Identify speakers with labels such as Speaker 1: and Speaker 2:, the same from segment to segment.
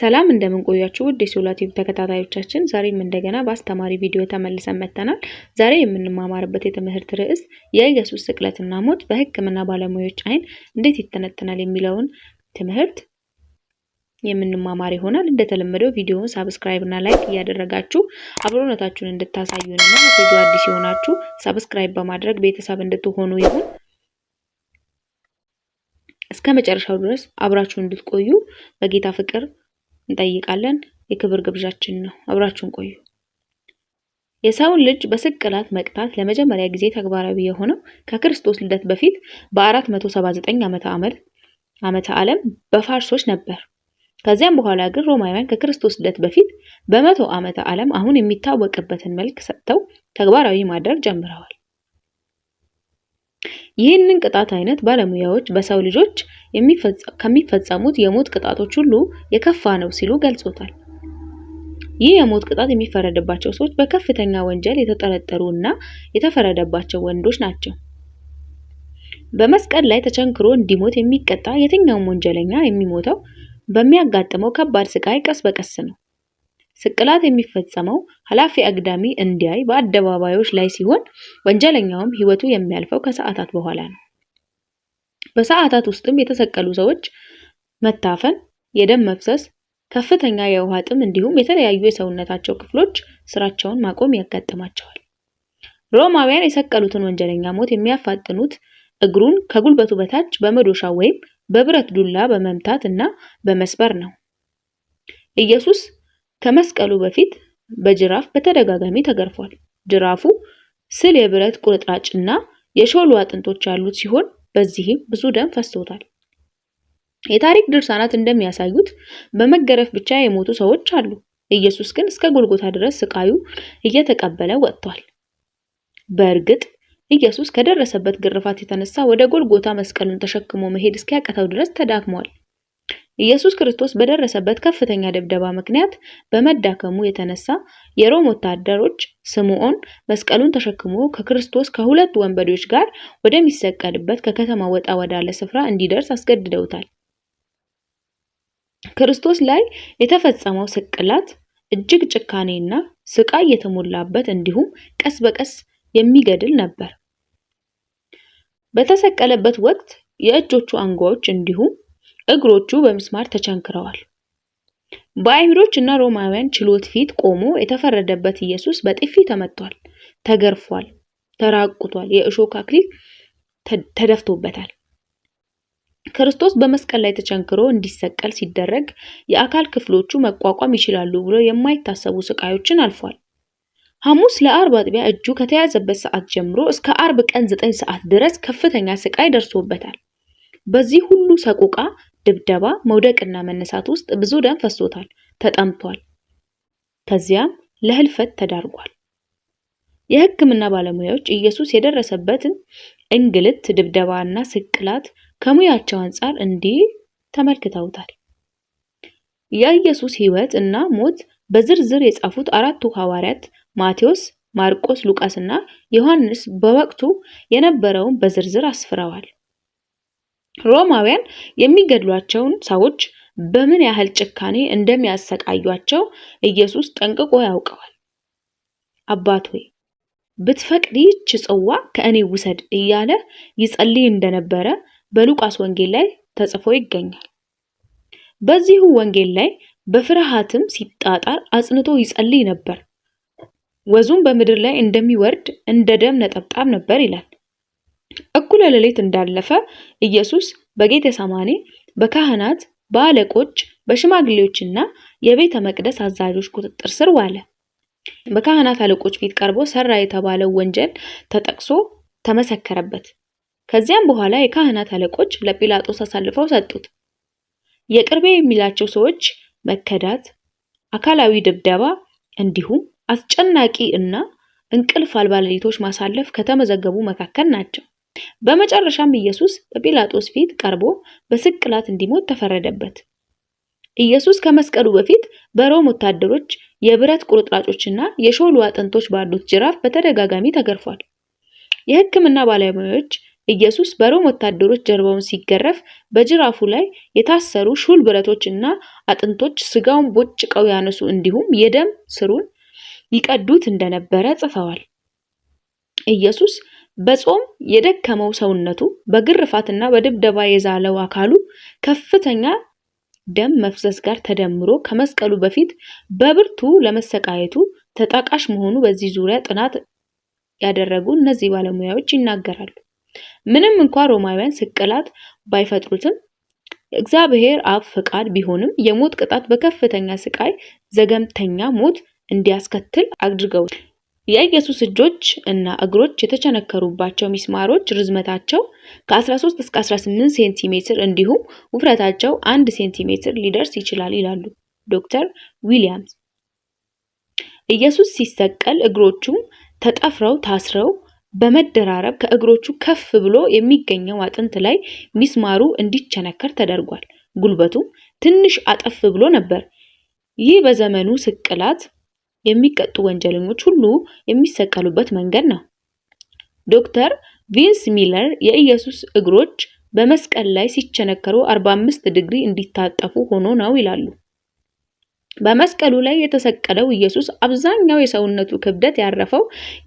Speaker 1: ሰላም እንደምንቆያችሁ ውድ የሶላት ዩብ ተከታታዮቻችን፣ ዛሬም እንደገና በአስተማሪ ቪዲዮ ተመልሰን መጥተናል። ዛሬ የምንማማርበት የትምህርት ርዕስ የኢየሱስ ስቅለትና ሞት በሕክምና ባለሙያዎች አይን እንዴት ይተነተናል የሚለውን ትምህርት የምንማማር ይሆናል። እንደተለመደው ቪዲዮውን ሳብስክራይብ እና ላይክ እያደረጋችሁ አብሮነታችሁን እንድታሳዩንና ቪዲዮ አዲስ የሆናችሁ ሳብስክራይብ በማድረግ ቤተሰብ እንድትሆኑ ይሁን እስከ መጨረሻው ድረስ አብራችሁ እንድትቆዩ በጌታ ፍቅር እንጠይቃለን። የክብር ግብዣችን ነው። አብራችሁን ቆዩ። የሰውን ልጅ በስቅላት መቅጣት ለመጀመሪያ ጊዜ ተግባራዊ የሆነው ከክርስቶስ ልደት በፊት በ479 ዓመተ ዓመት ዓመተ ዓለም በፋርሶች ነበር። ከዚያም በኋላ ግን ሮማውያን ከክርስቶስ ልደት በፊት በመቶ ዓመተ ዓለም አሁን የሚታወቅበትን መልክ ሰጥተው ተግባራዊ ማድረግ ጀምረዋል። ይህንን ቅጣት አይነት ባለሙያዎች በሰው ልጆች ከሚፈጸሙት የሞት ቅጣቶች ሁሉ የከፋ ነው ሲሉ ገልጾታል። ይህ የሞት ቅጣት የሚፈረድባቸው ሰዎች በከፍተኛ ወንጀል የተጠረጠሩ እና የተፈረደባቸው ወንዶች ናቸው። በመስቀል ላይ ተቸንክሮ እንዲሞት የሚቀጣ የትኛውም ወንጀለኛ የሚሞተው በሚያጋጥመው ከባድ ስቃይ ቀስ በቀስ ነው። ስቅላት የሚፈጸመው ኃላፊ አግዳሚ እንዲያይ በአደባባዮች ላይ ሲሆን ወንጀለኛውም ሕይወቱ የሚያልፈው ከሰዓታት በኋላ ነው። በሰዓታት ውስጥም የተሰቀሉ ሰዎች መታፈን፣ የደም መፍሰስ፣ ከፍተኛ የውሃ ጥም እንዲሁም የተለያዩ የሰውነታቸው ክፍሎች ስራቸውን ማቆም ያጋጥማቸዋል። ሮማውያን የሰቀሉትን ወንጀለኛ ሞት የሚያፋጥኑት እግሩን ከጉልበቱ በታች በመዶሻ ወይም በብረት ዱላ በመምታት እና በመስበር ነው። ኢየሱስ ከመስቀሉ በፊት በጅራፍ በተደጋጋሚ ተገርፏል። ጅራፉ ስል የብረት ቁርጥራጭና የሾሉ አጥንቶች ያሉት ሲሆን በዚህም ብዙ ደም ፈሶታል። የታሪክ ድርሳናት እንደሚያሳዩት በመገረፍ ብቻ የሞቱ ሰዎች አሉ። ኢየሱስ ግን እስከ ጎልጎታ ድረስ ስቃዩ እየተቀበለ ወጥቷል። በእርግጥ ኢየሱስ ከደረሰበት ግርፋት የተነሳ ወደ ጎልጎታ መስቀሉን ተሸክሞ መሄድ እስኪያቀተው ድረስ ተዳክሟል። ኢየሱስ ክርስቶስ በደረሰበት ከፍተኛ ድብደባ ምክንያት በመዳከሙ የተነሳ የሮም ወታደሮች ስምዖን መስቀሉን ተሸክሞ ከክርስቶስ ከሁለት ወንበዴዎች ጋር ወደሚሰቀልበት ከከተማ ወጣ ወዳለ ስፍራ እንዲደርስ አስገድደውታል። ክርስቶስ ላይ የተፈጸመው ስቅላት እጅግ ጭካኔና ስቃይ የተሞላበት እንዲሁም ቀስ በቀስ የሚገድል ነበር። በተሰቀለበት ወቅት የእጆቹ አንጓዎች እንዲሁም እግሮቹ በምስማር ተቸንክረዋል። በአይሁዶች እና ሮማውያን ችሎት ፊት ቆሞ የተፈረደበት ኢየሱስ በጥፊ ተመቷል፣ ተገርፏል፣ ተራቁቷል፣ የእሾክ አክሊል ተደፍቶበታል። ክርስቶስ በመስቀል ላይ ተቸንክሮ እንዲሰቀል ሲደረግ የአካል ክፍሎቹ መቋቋም ይችላሉ ብሎ የማይታሰቡ ስቃዮችን አልፏል። ሐሙስ ለአርብ አጥቢያ እጁ ከተያዘበት ሰዓት ጀምሮ እስከ አርብ ቀን ዘጠኝ ሰዓት ድረስ ከፍተኛ ስቃይ ደርሶበታል። በዚህ ሁሉ ሰቆቃ ድብደባ፣ መውደቅና መነሳት ውስጥ ብዙ ደም ፈሶታል፣ ተጠምቷል፣ ከዚያም ለህልፈት ተዳርጓል። የህክምና ባለሙያዎች ኢየሱስ የደረሰበትን እንግልት፣ ድብደባና ስቅላት ከሙያቸው አንጻር እንዲህ ተመልክተውታል። የኢየሱስ ሕይወት እና ሞት በዝርዝር የጻፉት አራቱ ሐዋርያት ማቴዎስ፣ ማርቆስ፣ ሉቃስና ዮሐንስ በወቅቱ የነበረውን በዝርዝር አስፍረዋል። ሮማውያን የሚገድሏቸውን ሰዎች በምን ያህል ጭካኔ እንደሚያሰቃያቸው ኢየሱስ ጠንቅቆ ያውቀዋል። አባት ሆይ ብትፈቅድ ይህች ጽዋ ከእኔ ውሰድ እያለ ይጸልይ እንደነበረ በሉቃስ ወንጌል ላይ ተጽፎ ይገኛል። በዚሁ ወንጌል ላይ በፍርሃትም ሲጣጣር አጽንቶ ይጸልይ ነበር። ወዙም በምድር ላይ እንደሚወርድ እንደ ደም ነጠብጣብ ነበር ይላል። እኩለ ሌሊት እንዳለፈ ኢየሱስ በጌቴሰማኒ በካህናት፣ በአለቆች፣ በሽማግሌዎችና የቤተ መቅደስ አዛዦች ቁጥጥር ስር ዋለ። በካህናት አለቆች ፊት ቀርቦ ሰራ የተባለው ወንጀል ተጠቅሶ ተመሰከረበት። ከዚያም በኋላ የካህናት አለቆች ለጲላጦስ አሳልፈው ሰጡት። የቅርቤ የሚላቸው ሰዎች መከዳት፣ አካላዊ ድብደባ እንዲሁም አስጨናቂ እና እንቅልፍ አልባ ሌሊቶች ማሳለፍ ከተመዘገቡ መካከል ናቸው። በመጨረሻም ኢየሱስ በጲላጦስ ፊት ቀርቦ በስቅላት እንዲሞት ተፈረደበት። ኢየሱስ ከመስቀሉ በፊት በሮም ወታደሮች የብረት ቁርጥራጮችና የሾሉ አጥንቶች ባሉት ጅራፍ በተደጋጋሚ ተገርፏል። የሕክምና ባለሙያዎች ኢየሱስ በሮም ወታደሮች ጀርባውን ሲገረፍ በጅራፉ ላይ የታሰሩ ሹል ብረቶች እና አጥንቶች ስጋውን ቦጭቀው ያነሱ እንዲሁም የደም ስሩን ይቀዱት እንደነበረ ጽፈዋል። ኢየሱስ በጾም የደከመው ሰውነቱ በግርፋትና በድብደባ የዛለው አካሉ ከፍተኛ ደም መፍሰስ ጋር ተደምሮ ከመስቀሉ በፊት በብርቱ ለመሰቃየቱ ተጠቃሽ መሆኑ በዚህ ዙሪያ ጥናት ያደረጉ እነዚህ ባለሙያዎች ይናገራሉ። ምንም እንኳ ሮማውያን ስቅላት ባይፈጥሩትም እግዚአብሔር አብ ፈቃድ ቢሆንም የሞት ቅጣት በከፍተኛ ስቃይ ዘገምተኛ ሞት እንዲያስከትል አድርገውታል። የኢየሱስ እጆች እና እግሮች የተቸነከሩባቸው ሚስማሮች ርዝመታቸው ከ13 እስከ 18 ሴንቲሜትር እንዲሁም ውፍረታቸው 1 ሴንቲሜትር ሊደርስ ይችላል ይላሉ ዶክተር ዊሊያምስ። ኢየሱስ ሲሰቀል እግሮቹ ተጠፍረው ታስረው በመደራረብ ከእግሮቹ ከፍ ብሎ የሚገኘው አጥንት ላይ ሚስማሩ እንዲቸነከር ተደርጓል። ጉልበቱም ትንሽ አጠፍ ብሎ ነበር። ይህ በዘመኑ ስቅላት የሚቀጡ ወንጀለኞች ሁሉ የሚሰቀሉበት መንገድ ነው። ዶክተር ቪንስ ሚለር የኢየሱስ እግሮች በመስቀል ላይ ሲቸነከሩ 45 ዲግሪ እንዲታጠፉ ሆኖ ነው ይላሉ። በመስቀሉ ላይ የተሰቀለው ኢየሱስ አብዛኛው የሰውነቱ ክብደት ያረፈው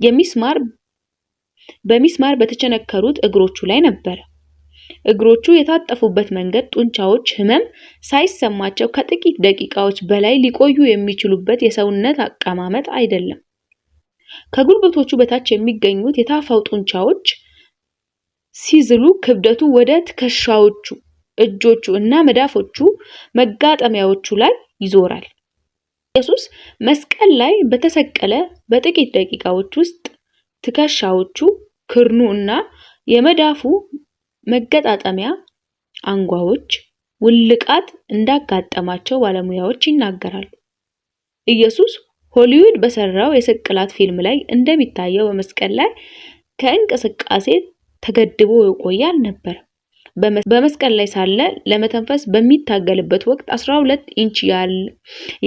Speaker 1: የሚስማር በሚስማር በተቸነከሩት እግሮቹ ላይ ነበር። እግሮቹ የታጠፉበት መንገድ ጡንቻዎች ህመም ሳይሰማቸው ከጥቂት ደቂቃዎች በላይ ሊቆዩ የሚችሉበት የሰውነት አቀማመጥ አይደለም። ከጉልበቶቹ በታች የሚገኙት የታፋው ጡንቻዎች ሲዝሉ ክብደቱ ወደ ትከሻዎቹ፣ እጆቹ እና መዳፎቹ መጋጠሚያዎቹ ላይ ይዞራል። ኢየሱስ መስቀል ላይ በተሰቀለ በጥቂት ደቂቃዎች ውስጥ ትከሻዎቹ፣ ክርኑ እና የመዳፉ መገጣጠሚያ አንጓዎች ውልቃት እንዳጋጠማቸው ባለሙያዎች ይናገራሉ። ኢየሱስ ሆሊውድ በሰራው የስቅላት ፊልም ላይ እንደሚታየው በመስቀል ላይ ከእንቅስቃሴ ተገድቦ የቆየ አልነበረ። በመስቀል ላይ ሳለ ለመተንፈስ በሚታገልበት ወቅት 12 ኢንች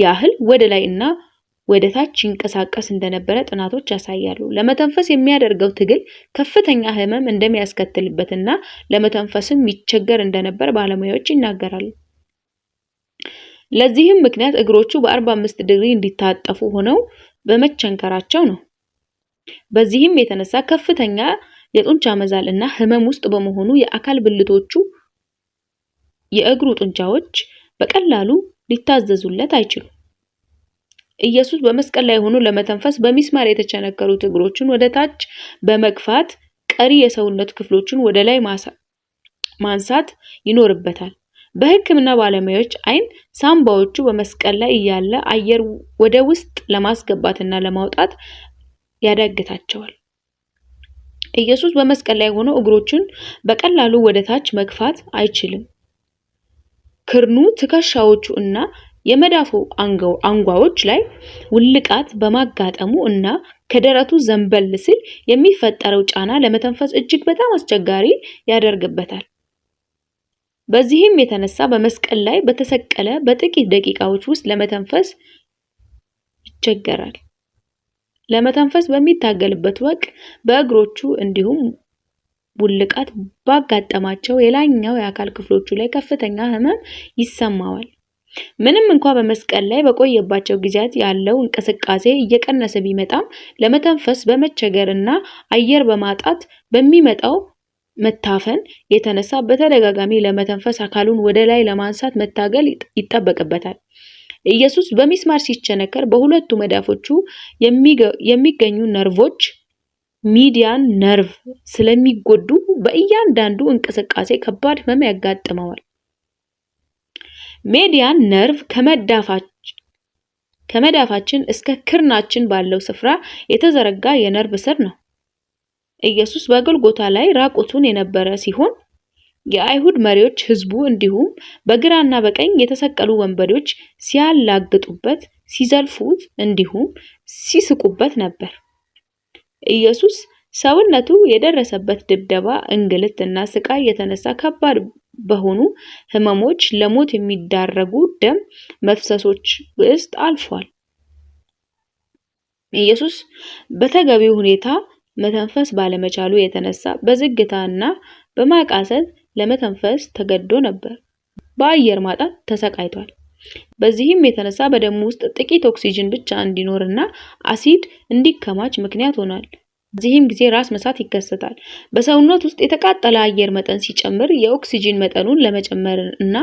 Speaker 1: ያህል ወደ ላይ እና ወደ ታች ይንቀሳቀስ እንደነበረ ጥናቶች ያሳያሉ። ለመተንፈስ የሚያደርገው ትግል ከፍተኛ ህመም እንደሚያስከትልበትና ለመተንፈስም ይቸገር እንደነበር ባለሙያዎች ይናገራሉ። ለዚህም ምክንያት እግሮቹ በ45 ዲግሪ እንዲታጠፉ ሆነው በመቸንከራቸው ነው። በዚህም የተነሳ ከፍተኛ የጡንቻ መዛል እና ህመም ውስጥ በመሆኑ የአካል ብልቶቹ የእግሩ ጡንቻዎች በቀላሉ ሊታዘዙለት አይችሉም። ኢየሱስ በመስቀል ላይ ሆኖ ለመተንፈስ በሚስማር የተቸነከሩት እግሮቹን ወደ ታች በመግፋት ቀሪ የሰውነት ክፍሎቹን ወደ ላይ ማንሳት ይኖርበታል። በሕክምና ባለሙያዎች ዓይን ሳምባዎቹ በመስቀል ላይ እያለ አየር ወደ ውስጥ ለማስገባትና ለማውጣት ያዳግታቸዋል። ኢየሱስ በመስቀል ላይ ሆኖ እግሮቹን በቀላሉ ወደ ታች መግፋት አይችልም። ክርኑ፣ ትከሻዎቹ እና የመዳፉ አንጓዎች ላይ ውልቃት በማጋጠሙ እና ከደረቱ ዘንበል ሲል የሚፈጠረው ጫና ለመተንፈስ እጅግ በጣም አስቸጋሪ ያደርግበታል። በዚህም የተነሳ በመስቀል ላይ በተሰቀለ በጥቂት ደቂቃዎች ውስጥ ለመተንፈስ ይቸገራል። ለመተንፈስ በሚታገልበት ወቅት በእግሮቹ እንዲሁም ውልቃት ባጋጠማቸው የላይኛው የአካል ክፍሎቹ ላይ ከፍተኛ ህመም ይሰማዋል። ምንም እንኳ በመስቀል ላይ በቆየባቸው ጊዜያት ያለው እንቅስቃሴ እየቀነሰ ቢመጣም ለመተንፈስ በመቸገር እና አየር በማጣት በሚመጣው መታፈን የተነሳ በተደጋጋሚ ለመተንፈስ አካሉን ወደ ላይ ለማንሳት መታገል ይጠበቅበታል። ኢየሱስ በሚስማር ሲቸነከር በሁለቱ መዳፎቹ የሚገኙ ነርቮች ሚዲያን ነርቭ ስለሚጎዱ በእያንዳንዱ እንቅስቃሴ ከባድ ህመም ያጋጥመዋል። ሜዲያን ነርቭ ከመዳፋችን እስከ ክርናችን ባለው ስፍራ የተዘረጋ የነርቭ ስር ነው። ኢየሱስ በጎልጎታ ላይ ራቁቱን የነበረ ሲሆን የአይሁድ መሪዎች ህዝቡ እንዲሁም በግራና በቀኝ የተሰቀሉ ወንበዴዎች ሲያላግጡበት፣ ሲዘልፉት እንዲሁም ሲስቁበት ነበር። ኢየሱስ ሰውነቱ የደረሰበት ድብደባ፣ እንግልት እና ስቃይ የተነሳ ከባድ በሆኑ ህመሞች ለሞት የሚዳረጉ ደም መፍሰሶች ውስጥ አልፏል። ኢየሱስ በተገቢው ሁኔታ መተንፈስ ባለመቻሉ የተነሳ በዝግታ እና በማቃሰት ለመተንፈስ ተገዶ ነበር። በአየር ማጣት ተሰቃይቷል። በዚህም የተነሳ በደሙ ውስጥ ጥቂት ኦክሲጅን ብቻ እንዲኖር እና አሲድ እንዲከማች ምክንያት ሆኗል። በዚህም ጊዜ ራስ መሳት ይከሰታል። በሰውነት ውስጥ የተቃጠለ አየር መጠን ሲጨምር የኦክሲጂን መጠኑን ለመጨመር እና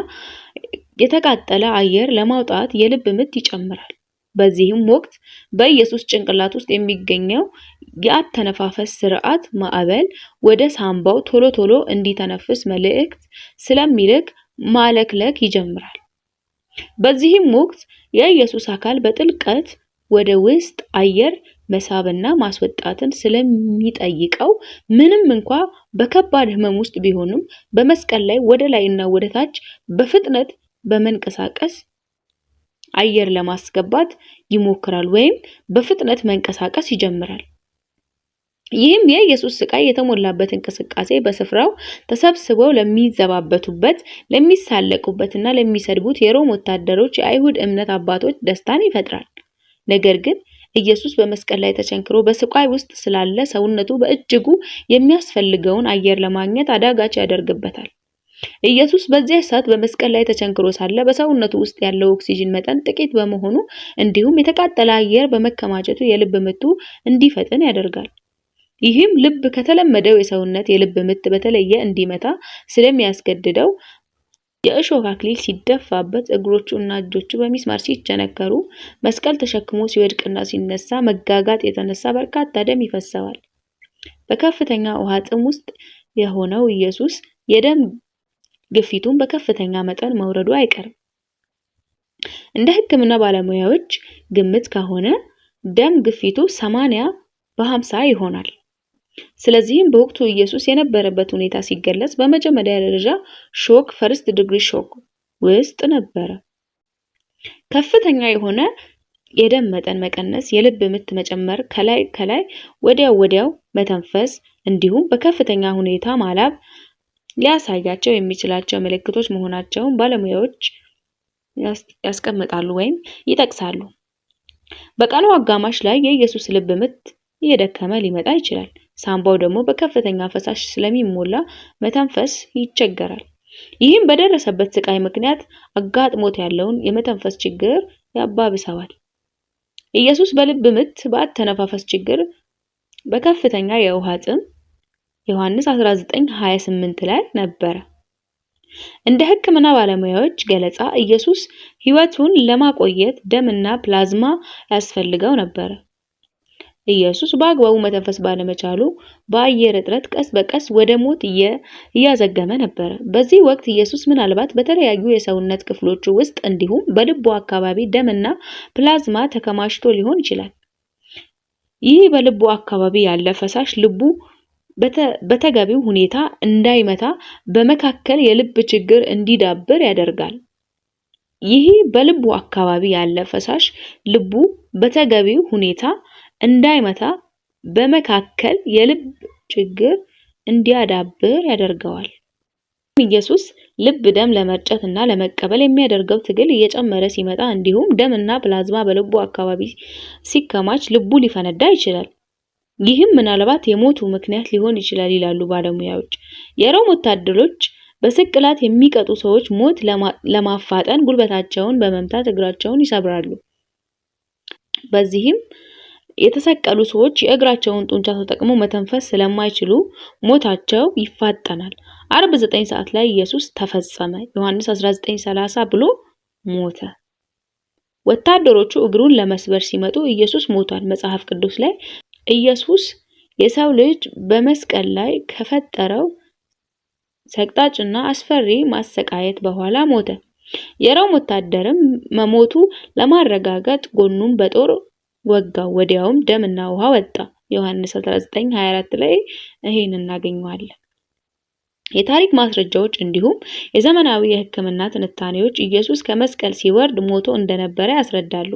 Speaker 1: የተቃጠለ አየር ለማውጣት የልብ ምት ይጨምራል። በዚህም ወቅት በኢየሱስ ጭንቅላት ውስጥ የሚገኘው የአተነፋፈስ ስርዓት ማዕበል ወደ ሳምባው ቶሎ ቶሎ እንዲተነፍስ መልእክት ስለሚልክ ማለክለክ ይጀምራል። በዚህም ወቅት የኢየሱስ አካል በጥልቀት ወደ ውስጥ አየር መሳብና ማስወጣትን ስለሚጠይቀው ምንም እንኳ በከባድ ህመም ውስጥ ቢሆንም በመስቀል ላይ ወደ ላይና ወደ ታች በፍጥነት በመንቀሳቀስ አየር ለማስገባት ይሞክራል ወይም በፍጥነት መንቀሳቀስ ይጀምራል። ይህም የኢየሱስ ስቃይ የተሞላበት እንቅስቃሴ በስፍራው ተሰብስበው ለሚዘባበቱበት፣ ለሚሳለቁበትና ለሚሰድቡት የሮም ወታደሮች የአይሁድ እምነት አባቶች ደስታን ይፈጥራል። ነገር ግን ኢየሱስ በመስቀል ላይ ተቸንክሮ በስቃይ ውስጥ ስላለ ሰውነቱ በእጅጉ የሚያስፈልገውን አየር ለማግኘት አዳጋች ያደርግበታል። ኢየሱስ በዚያ ሰዓት በመስቀል ላይ ተቸንክሮ ሳለ በሰውነቱ ውስጥ ያለው ኦክሲጅን መጠን ጥቂት በመሆኑ እንዲሁም የተቃጠለ አየር በመከማቸቱ የልብ ምቱ እንዲፈጥን ያደርጋል። ይህም ልብ ከተለመደው የሰውነት የልብ ምት በተለየ እንዲመታ ስለሚያስገድደው የእሾህ አክሊል ሲደፋበት እግሮቹ እና እጆቹ በሚስማር ሲቸነከሩ፣ መስቀል ተሸክሞ ሲወድቅና ሲነሳ መጋጋጥ የተነሳ በርካታ ደም ይፈሰዋል። በከፍተኛ ውሃ ጥም ውስጥ የሆነው ኢየሱስ የደም ግፊቱን በከፍተኛ መጠን መውረዱ አይቀርም። እንደ ሕክምና ባለሙያዎች ግምት ከሆነ ደም ግፊቱ 80 በ50 ይሆናል። ስለዚህም በወቅቱ ኢየሱስ የነበረበት ሁኔታ ሲገለጽ በመጀመሪያ ደረጃ ሾክ ፈርስት ዲግሪ ሾክ ውስጥ ነበረ። ከፍተኛ የሆነ የደም መጠን መቀነስ፣ የልብ ምት መጨመር፣ ከላይ ከላይ ወዲያው ወዲያው መተንፈስ እንዲሁም በከፍተኛ ሁኔታ ማላብ ሊያሳያቸው የሚችላቸው ምልክቶች መሆናቸውን ባለሙያዎች ያስቀምጣሉ ወይም ይጠቅሳሉ። በቃሉ አጋማሽ ላይ የኢየሱስ ልብ ምት እየደከመ ሊመጣ ይችላል። ሳምባው ደግሞ በከፍተኛ ፈሳሽ ስለሚሞላ መተንፈስ ይቸገራል። ይህም በደረሰበት ስቃይ ምክንያት አጋጥሞት ያለውን የመተንፈስ ችግር ያባብሰዋል። ኢየሱስ በልብ ምት፣ በአተነፋፈስ ችግር፣ በከፍተኛ የውሃ ጥም ዮሐንስ 19:28 ላይ ነበረ። እንደ ሕክምና ባለሙያዎች ገለጻ ኢየሱስ ሕይወቱን ለማቆየት ደምና ፕላዝማ ያስፈልገው ነበር። ኢየሱስ በአግባቡ መተንፈስ ባለመቻሉ በአየር እጥረት ቀስ በቀስ ወደ ሞት እያዘገመ ነበር። በዚህ ወቅት ኢየሱስ ምናልባት በተለያዩ የሰውነት ክፍሎቹ ውስጥ እንዲሁም በልቡ አካባቢ ደምና ፕላዝማ ተከማችቶ ሊሆን ይችላል። ይህ በልቡ አካባቢ ያለ ፈሳሽ ልቡ በተገቢው ሁኔታ እንዳይመታ በመካከል የልብ ችግር እንዲዳብር ያደርጋል። ይህ በልቡ አካባቢ ያለ ፈሳሽ ልቡ በተገቢው ሁኔታ እንዳይመታ በመካከል የልብ ችግር እንዲያዳብር ያደርገዋል። ኢየሱስ ልብ ደም ለመርጨት እና ለመቀበል የሚያደርገው ትግል እየጨመረ ሲመጣ እንዲሁም ደም እና ፕላዝማ በልቡ አካባቢ ሲከማች ልቡ ሊፈነዳ ይችላል። ይህም ምናልባት የሞቱ ምክንያት ሊሆን ይችላል ይላሉ ባለሙያዎች። የሮም ወታደሮች በስቅላት የሚቀጡ ሰዎች ሞት ለማፋጠን ጉልበታቸውን በመምታት እግራቸውን ይሰብራሉ። በዚህም የተሰቀሉ ሰዎች የእግራቸውን ጡንቻ ተጠቅመው መተንፈስ ስለማይችሉ ሞታቸው ይፋጠናል። አርብ 9 ሰዓት ላይ ኢየሱስ ተፈጸመ ዮሐንስ 19:30 ብሎ ሞተ። ወታደሮቹ እግሩን ለመስበር ሲመጡ ኢየሱስ ሞቷል። መጽሐፍ ቅዱስ ላይ ኢየሱስ የሰው ልጅ በመስቀል ላይ ከፈጠረው ሰቅጣጭና አስፈሪ ማሰቃየት በኋላ ሞተ። የሮም ወታደርም መሞቱ ለማረጋገጥ ጎኑን በጦር ወጋው። ወዲያውም ደምና ውሃ ወጣ። ዮሐንስ 19:24 ላይ ይሄን እናገኘዋለን። የታሪክ ማስረጃዎች እንዲሁም የዘመናዊ የሕክምና ትንታኔዎች ኢየሱስ ከመስቀል ሲወርድ ሞቶ እንደነበረ ያስረዳሉ።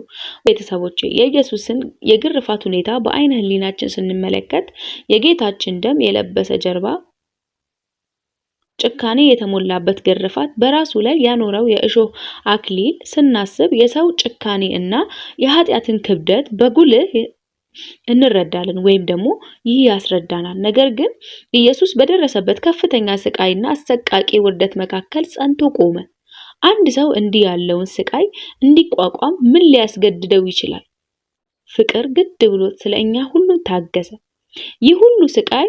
Speaker 1: ቤተሰቦች የኢየሱስን የግርፋት ሁኔታ በአይነ ሕሊናችን ስንመለከት የጌታችን ደም የለበሰ ጀርባ ጭካኔ የተሞላበት ግርፋት በራሱ ላይ ያኖረው የእሾህ አክሊል ስናስብ የሰው ጭካኔ እና የኃጢአትን ክብደት በጉልህ እንረዳለን ወይም ደግሞ ይህ ያስረዳናል። ነገር ግን ኢየሱስ በደረሰበት ከፍተኛ ስቃይና አሰቃቂ ውርደት መካከል ጸንቶ ቆመ። አንድ ሰው እንዲህ ያለውን ስቃይ እንዲቋቋም ምን ሊያስገድደው ይችላል? ፍቅር ግድ ብሎት ስለ እኛ ሁሉ ታገሰ። ይህ ሁሉ ስቃይ፣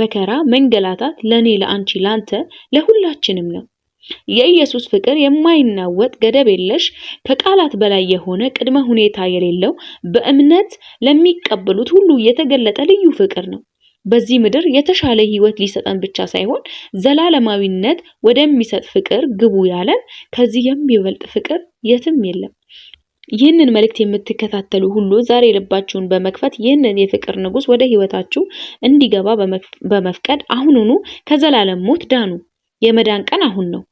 Speaker 1: መከራ፣ መንገላታት ለእኔ፣ ለአንቺ፣ ላንተ ለሁላችንም ነው። የኢየሱስ ፍቅር የማይናወጥ ገደብ የለሽ ከቃላት በላይ የሆነ ቅድመ ሁኔታ የሌለው በእምነት ለሚቀበሉት ሁሉ የተገለጠ ልዩ ፍቅር ነው። በዚህ ምድር የተሻለ ሕይወት ሊሰጠን ብቻ ሳይሆን ዘላለማዊነት ወደሚሰጥ ፍቅር ግቡ ያለን ከዚህ የሚበልጥ ፍቅር የትም የለም። ይህንን መልእክት የምትከታተሉ ሁሉ ዛሬ ልባችሁን በመክፈት ይህንን የፍቅር ንጉስ ወደ ህይወታችሁ እንዲገባ በመፍቀድ አሁኑኑ ከዘላለም ሞት ዳኑ። የመዳን ቀን አሁን ነው።